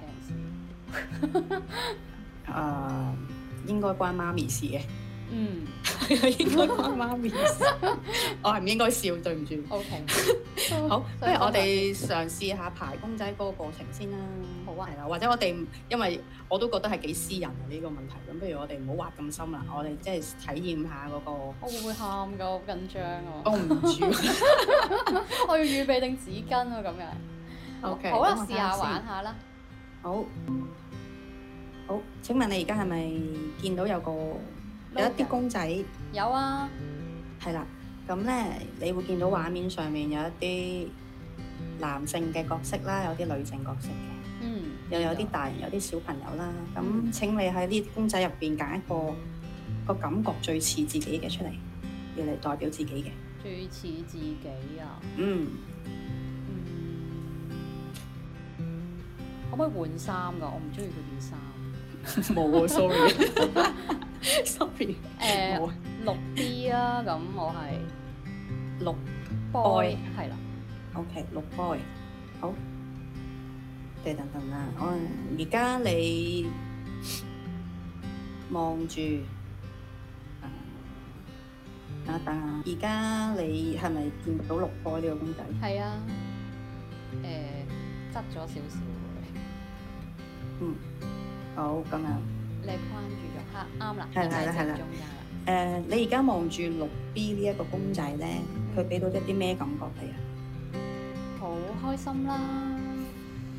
企人事嘅？啊，應該關媽咪事嘅。嗯。 應該講媽咪 我係唔應該笑，對唔住。O Okay . K， 好，不如我哋嘗試下排公仔嗰個過程先啦。好啊。係啦，或者我哋因為我都覺得係幾私人嘅呢、這個問題，咁不如我哋唔好挖咁深啦，我哋即係體驗下嗰、那個。我會唔會喊㗎？好緊張啊！我唔住，我要預備定紙巾啊。咁樣。O Okay , K，好啦，看看試，試玩下玩下啦。好，好。請問你而家係咪見到有個？有一啲公仔有啊。係啦，咁咧，你會見到畫面上面有一啲男性嘅角色啦，有啲女性角色嘅，嗯、又有啲大人，嗯、有啲小朋友啦。咁，請你喺呢公仔入邊揀一個、嗯、一個感覺最似自己嘅出嚟，要嚟代表自己嘅。最似自己啊？嗯，嗯，可唔可以換衫噶？我唔中意佢件衫。冇啊，sorry，sorry。誒，六 D 啊，咁我係六 boy，係啦。OK，六 boy，好。等等等等，我而家你望住，等等啊！而家你係咪見到六 boy 呢個公仔？係啊，誒，執咗少少。嗯。好咁樣，你框住咗，啱、啊、啦，係啦係啦係啦，誒了，係係中間啦 uh, 你而家望住六 B 呢、mm. 一個公仔咧，佢俾到一啲咩感覺你啊？好開心啦，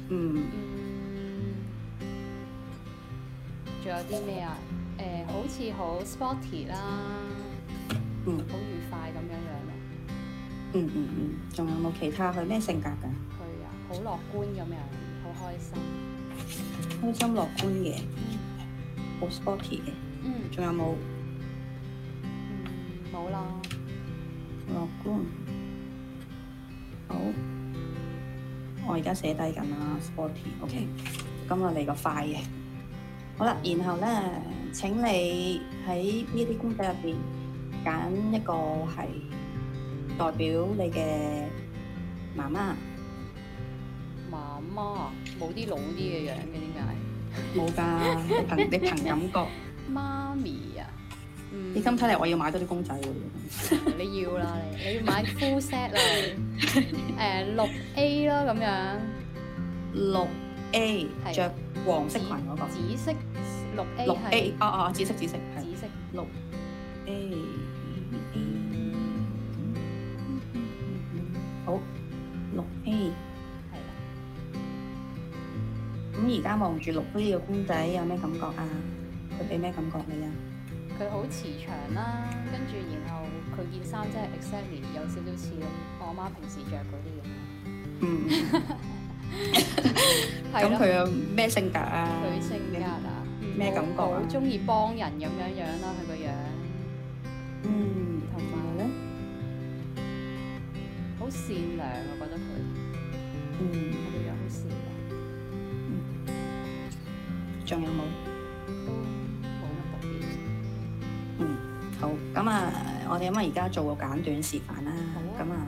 嗯，仲有啲咩啊？誒，好似好 sporty 啦，嗯，好愉快咁樣樣咯，嗯嗯嗯，仲有冇其他佢咩性格㗎？佢啊，好樂觀咁樣，好開心。開心樂觀嘅，好 sporty 嘅，嗯，仲有冇？嗯，冇啦。樂觀，好。我而家寫低緊啦，sporty，OK。咁我嚟個快嘅，好啦。然後咧，請你喺呢啲公仔入邊揀一個係代表你嘅媽媽。媽媽，冇啲老啲嘅樣嘅。嗯冇噶， 你憑你憑感覺。媽咪啊，你今睇嚟我要買多啲公仔喎。你， 你要啦，你你要買 full set 啦，誒六、 呃、A 咯咁樣。六 A，着是黃色裙嗰、那個紫。紫色 A, 是。六 A 係。六 A，哦哦，紫色紫色。紫色。六 A，A, A.、嗯嗯嗯嗯嗯、好，六 A。咁而家望住綠杯嘅公仔有咩感覺啊？佢俾咩感覺你啊？佢好慈祥啦、啊，跟住然後佢件衫即係 exactly 有少少似我媽平時着嗰啲咁。嗯。咁佢有咩性格啊？佢性格啊？咩感覺、啊、好中意幫人咁樣、啊、樣啦，佢個樣。嗯。同埋咧。好善良我覺得佢。嗯。佢個樣好善良。 仲有冇？嗯，好。咁啊，我哋咁啊，而家做個簡短示範啦。好。咁啊，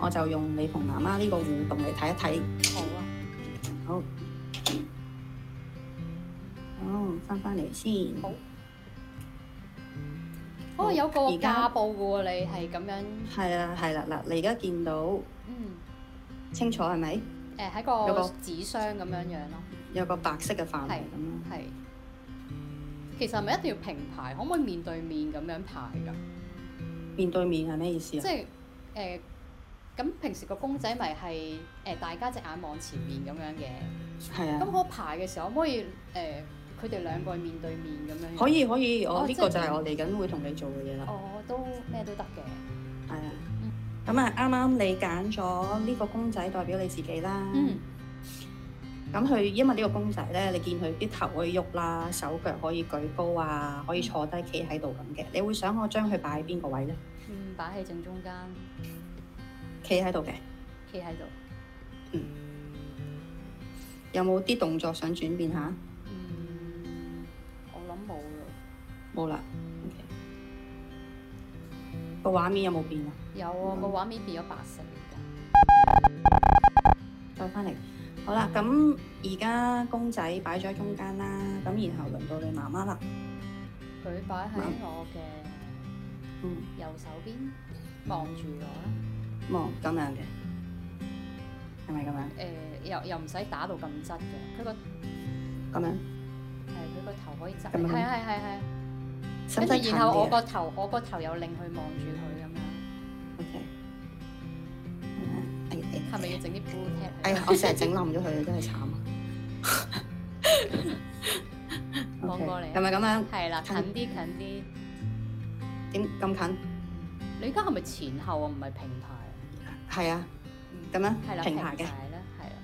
我就用你同媽媽呢個互動嚟睇一睇。好啊好。好。哦，翻翻嚟先。好。哦，有個架布噶喎，你係咁樣。係啊，係啦，嗱，你而家見到？嗯。清楚係咪？誒，喺個紙箱咁樣樣咯。有個白色嘅範圍咁咯，其實唔係一定要平排，可唔可以面對面咁樣排噶？面對面係咩意思啊？即係誒，咁、呃、平時個公仔咪係誒大家隻眼望前面咁樣嘅，係啊的。咁我排嘅時候可唔可以誒佢哋兩個面對面咁樣？可以可以，我呢、哦、個就係我嚟緊會同你做嘅嘢啦。哦，我都咩都得嘅，係啊的。咁啊、嗯，啱啱你揀咗呢個公仔代表你自己啦。嗯。咁佢因為呢個公仔咧，你見佢啲頭可以喐啦，手腳可以舉高啊，可以坐低企喺度咁嘅。你會想我將佢擺喺邊個位咧？嗯，擺喺正中間，企喺度嘅。企喺度。嗯。有冇啲動作想轉變下？嗯，我諗冇啦。冇啦。OK。個畫面有冇變啊？有啊，個、嗯、畫面變咗白色。再翻嚟。好啦，咁而家公仔擺咗喺中間啦，咁然後輪到你媽媽啦。佢擺喺我嘅右手邊，望住我。望咁樣嘅，係咪咁樣？誒，又又唔使打到咁側嘅，佢個咁樣。係佢個頭可以側，係係係係。咁然後我個頭，我個頭又擰去望住佢。係咪要整啲布踢？哎呀，我成日整冧咗佢，真係慘啊！講過嚟，係咪咁樣？係啦，近啲，近啲。點咁近？你而家係咪前後啊？唔係平台？係啊。咁樣。係啦，平台。嘅。係啦，係啦。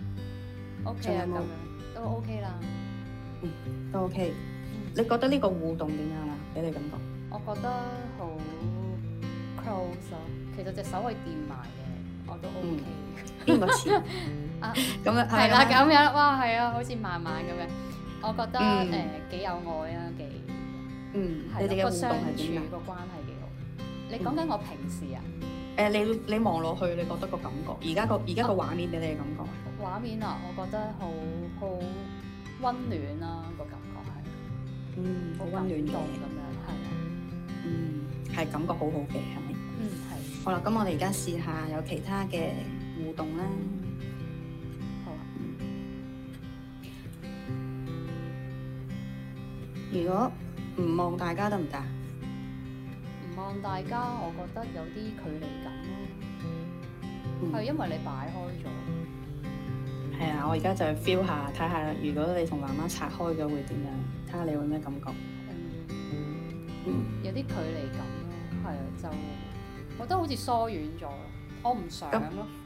O K 啊，咁樣。都 O K 啦。都 O K。你覺得呢個互動點樣啊？畀你感覺？我覺得好 close 咯。其實隻手係掂埋嘅，我都 O K。邊個詞啊？咁樣係啦，咁樣哇，係啊，好似慢慢咁樣，我覺得誒幾有愛啊，幾嗯，你哋嘅互動係點噶個關係幾好？你講緊我平時啊？誒，你你望落去，你覺得個感覺？而家個而家個畫面俾你嘅感覺？畫面啊，我覺得好好溫暖啊。個感覺係嗯好溫暖到。咁樣，係啊，嗯係感覺好好嘅，係咪？嗯係。好啦，咁我哋而家試下有其他嘅。互動啦，好、啊。如果唔望大家得唔得唔望大家，我覺得有啲距離感咯，係、嗯、因為你擺開咗。係、嗯、啊，我而家就去 feel 下睇下，睇下如果你同媽媽拆開咗會點樣，睇下你會咩感覺？嗯嗯、有啲距離感咯，係啊，就我覺得好似疏遠咗咯，我唔想咯。嗯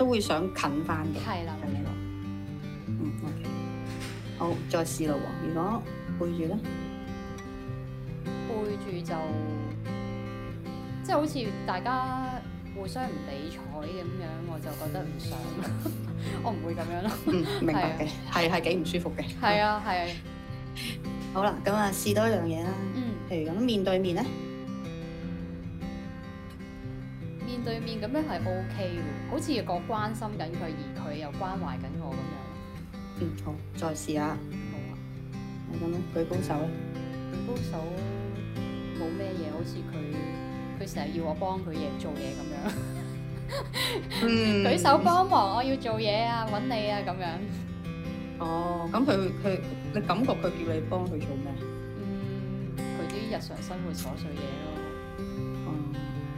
都會想近翻嘅了，係啦、嗯，係咪咯？嗯 OK。好，再試咯喎！如果背住咧，背住就即係、即係、好似大家互相唔理睬咁樣，我就覺得唔想， 我唔會咁樣咯。明白嘅，係係幾唔舒服嘅。係啊，係。好啦，咁啊，啊試多一、嗯、樣嘢啦。嗯。譬如咁面對面咧。對面咁樣係 OK 嘅，好似個關心緊佢，而佢又關懷緊我咁樣。嗯，好，再試下。好啊。咁樣舉高手。舉高手冇咩嘢，好似佢佢成日要我幫佢嘢做嘢咁樣。 嗯。舉手幫忙，我要做嘢啊，揾你啊咁樣。哦，咁佢佢你感覺佢叫你幫佢做咩？嗯，佢啲日常生活瑣碎嘢咯。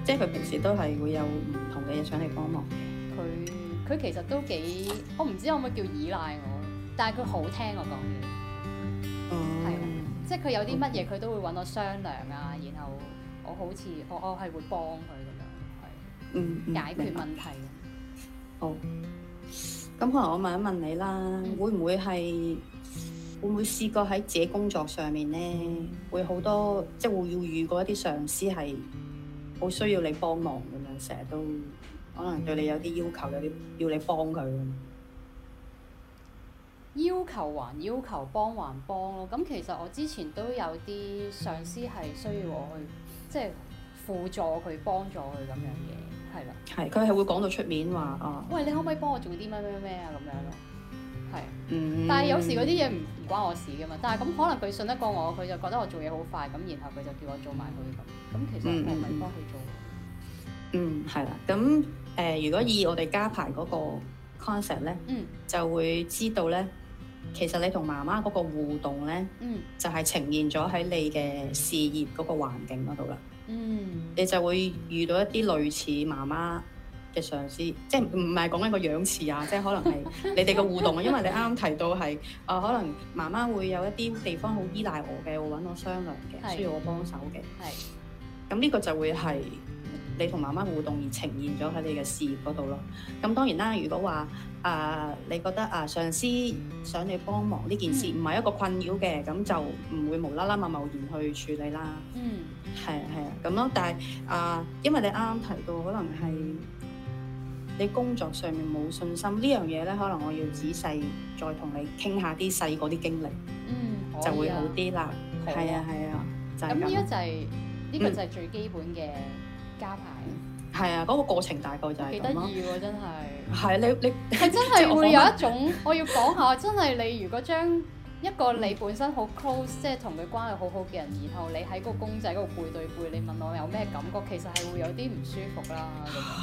即係佢平時都係會有唔同嘅嘢上嚟幫忙嘅、嗯。佢佢其實都幾，我唔知可唔可以叫依賴我，但係佢好聽我講嘢，係、嗯、即係佢有啲乜嘢佢都會搵我商量啊。然後我好似我我係會幫佢咁樣，係解決問題。嗯嗯、好咁，可能我問一問你啦、嗯，會唔會係會唔會試過喺自己工作上面咧，會好多即係會要遇過一啲上司係，好需要你幫忙咁樣，成日都可能對你有啲要求，有啲要你幫佢。要求還要求，幫還幫咯。咁其實我之前都有啲上司係需要我去即係、就是、輔助佢、幫助佢咁樣嘅，係啦。係，佢係會講到出面話啊。喂，你可唔可以幫我做啲咩咩咩啊？咁樣咯。係，但係有時嗰啲嘢唔唔關我事噶嘛。嗯、但係咁可能佢信得過我，佢就覺得我做嘢好快，咁然後佢就叫我做埋佢咁。咁其實我咪幫佢做嗯。嗯，係啦。咁誒、呃，如果以我哋家排嗰個 concept 咧，嗯、就會知道咧，其實你同媽媽嗰個互動咧，嗯、就係呈現咗喺你嘅事業嗰個環境嗰度啦。嗯，你就會遇到一啲類似媽媽。嘅上司，即係唔係講緊個樣子啊，即係可能係你哋嘅互動啊。 因為你啱啱提到係啊、呃，可能媽媽會有一啲地方好依賴我嘅，會揾我商量嘅，的需要我幫手嘅。係的。咁呢個就會係你同媽媽互動而呈現咗喺你嘅事業嗰度咯。咁當然啦，如果話啊、呃，你覺得啊、呃，上司想你幫忙呢件事唔係一個困擾嘅，咁、嗯、就唔會無啦啦、貿貿然去處理啦。嗯，係啊，係啊，咁咯。但係啊、呃，因為你啱啱提到可能係。你工作上面冇信心呢樣嘢咧，可能我要仔細再同你傾下啲細個嗰啲經歷，嗯，啊、就會好啲啦。係啊，係啊，咁呢一就係呢、就係呢個就係最基本嘅家排。係、嗯、啊，嗰、嗰個過程大概就係。幾得意喎，真係。係你你係 真係會有一種， 我要講下，真係你如果將。一個你本身好 close，即係同佢關係好好嘅人，然後你喺嗰個公仔嗰度背對背，你問我有咩感覺，其實係會有啲唔舒服啦。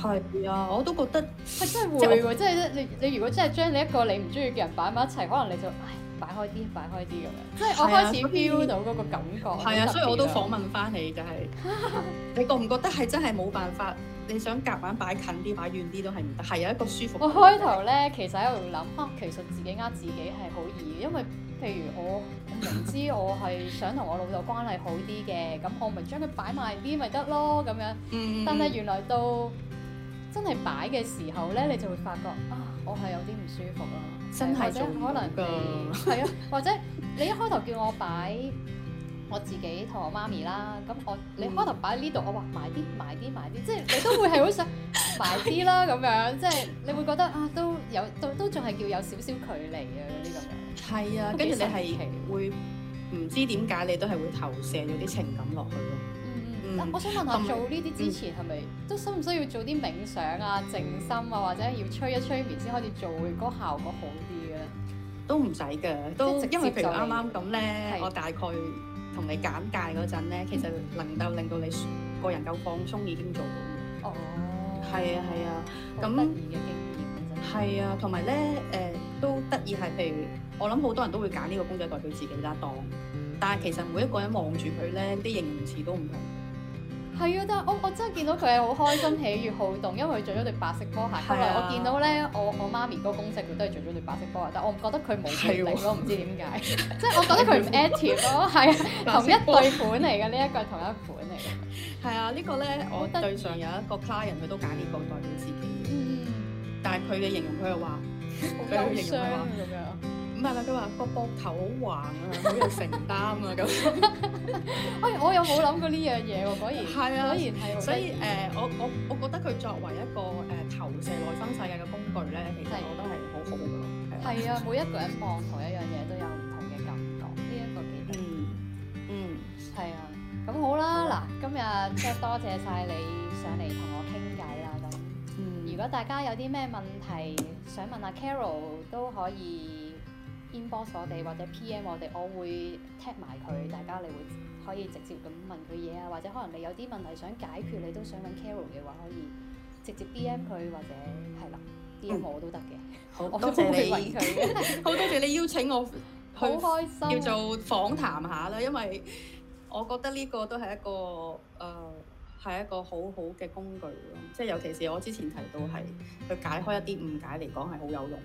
係啊，我都覺得係真係會的，即係我你你如果真係將你一個你唔中意嘅人擺埋一齊，可能你就唉擺開啲，擺開啲咁樣。即係、啊、我開始 feel 到嗰個感覺。係啊，啊，所以我都訪問翻你，就係、是 um, 你覺唔覺得係真係冇辦法？你想夾硬擺近啲，擺遠啲都係唔得，係有一個舒服。我開頭咧其實喺度諗啊，其實自己呃自己係好易，因為。譬如我，我明知我係想同我老豆關係好啲嘅，咁我咪將佢擺埋啲咪得咯，咁樣。嗯、但係原來到真係擺嘅時候咧，你就會發覺啊，我係有啲唔舒服啊，真係可能係 啊，或者你一開頭叫我擺我自己同我媽咪啦，咁我你開頭擺喺呢度，我話埋啲埋啲埋啲，即係你都會係好想埋啲啦，咁 樣，即係你會覺得啊，都有都都仲係要有少少距離啊嗰啲咁樣。係啊，跟住你係會唔知點解，你都係會投射咗啲情感落去咯。嗯嗯，嗱，我想問下，做呢啲之前係咪都需唔需要做啲冥想啊、靜心啊，或者要催一催眠先開始做，會嗰個效果好啲咧？都唔使㗎，都因為譬如啱啱咁咧，我大概同你簡介嗰陣咧，其實能夠令到你個人夠放鬆已經做到。哦，係啊，係啊，咁得意嘅經驗真係。係啊，同埋咧，誒都得意係，譬如。我諗好多人都會揀呢個公仔代表自己啦，當。但係其實每一個人望住佢咧，啲形容詞都唔同。係啊，但係我我真係見到佢係好開心、喜悅、好動，因為佢着咗對白色波鞋。係啊。後來我見到咧，我我媽咪嗰公仔佢都係着咗對白色波鞋，但我唔覺得佢冇活力咯，唔知點解。即係我覺得佢唔 active 咯，係啊，同一對款嚟嘅，呢一個係同一款嚟嘅。係啊，呢個咧我對上有一個 client 佢都揀呢個代表自己。嗯，但係佢嘅形容佢係話，俾佢形容咁樣。唔係唔係，佢話個膊頭好橫啊，好要承擔啊咁。哎，我有冇諗過呢樣嘢喎？果然，果然係。所以誒，我我我覺得佢作為一個誒投射內心世界嘅工具咧，其實我覺得係好好嘅。係啊，每一個人望同一樣嘢都有唔同嘅感覺，呢一個幾得意。嗯。係啊，咁好啦，嗱，今日即係多謝晒你上嚟同我傾偈啦咁。嗯。如果大家有啲咩問題想問啊 Carol 都可以。Inbox 我哋或者 PM 我哋，我會 tap 埋佢，大家你會可以直接咁問佢嘢啊，或者可能你有啲問題想解決，你都想揾 Carol 嘅話，可以直接 DM 佢或者係啦，DM 我都得嘅。好、嗯、多謝你，好 多謝你邀請我好 開心、啊。叫做訪談下啦，因為我覺得呢個都係一個誒係、呃、一個好好嘅工具咯，即、就、係、是、尤其是我之前提到係去解開一啲誤解嚟講係好有用。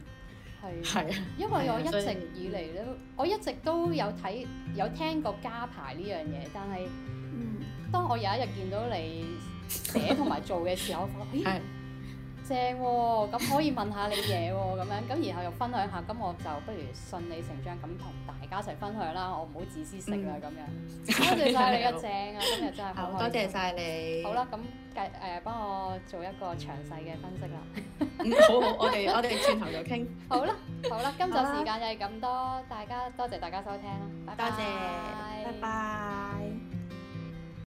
係，因為我一直以嚟咧，我一直都有睇有聽過家排呢樣嘢，但係，嗯、當我有一日見到你寫同埋做嘅時候， 我發覺，咦。正喎、啊，咁可以問下你嘢喎、啊，咁樣，咁然後又分享下，咁我就不如順理成章咁同大家一齊分享啦，我唔好自私性啊咁樣。嗯、多謝晒你嘅、啊、正啊，今日真係好、嗯、多謝晒你。好啦，咁計誒幫我做一個詳細嘅分析啦。 好好，我哋 我哋轉頭就傾。好啦，好啦，今集時間就係咁多，大家多謝大家收聽啦，拜拜！拜拜。拜拜。